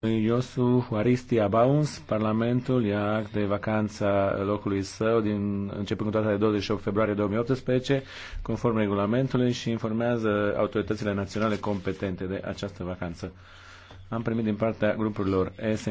Iosu Huaristi Abauns, Parlamentul ia de vacanța locului său din începând cu data de 28 februarie 2018, conform regulamentului și informează autoritățile naționale competente de această vacanță. Am primit din partea grupurilor SN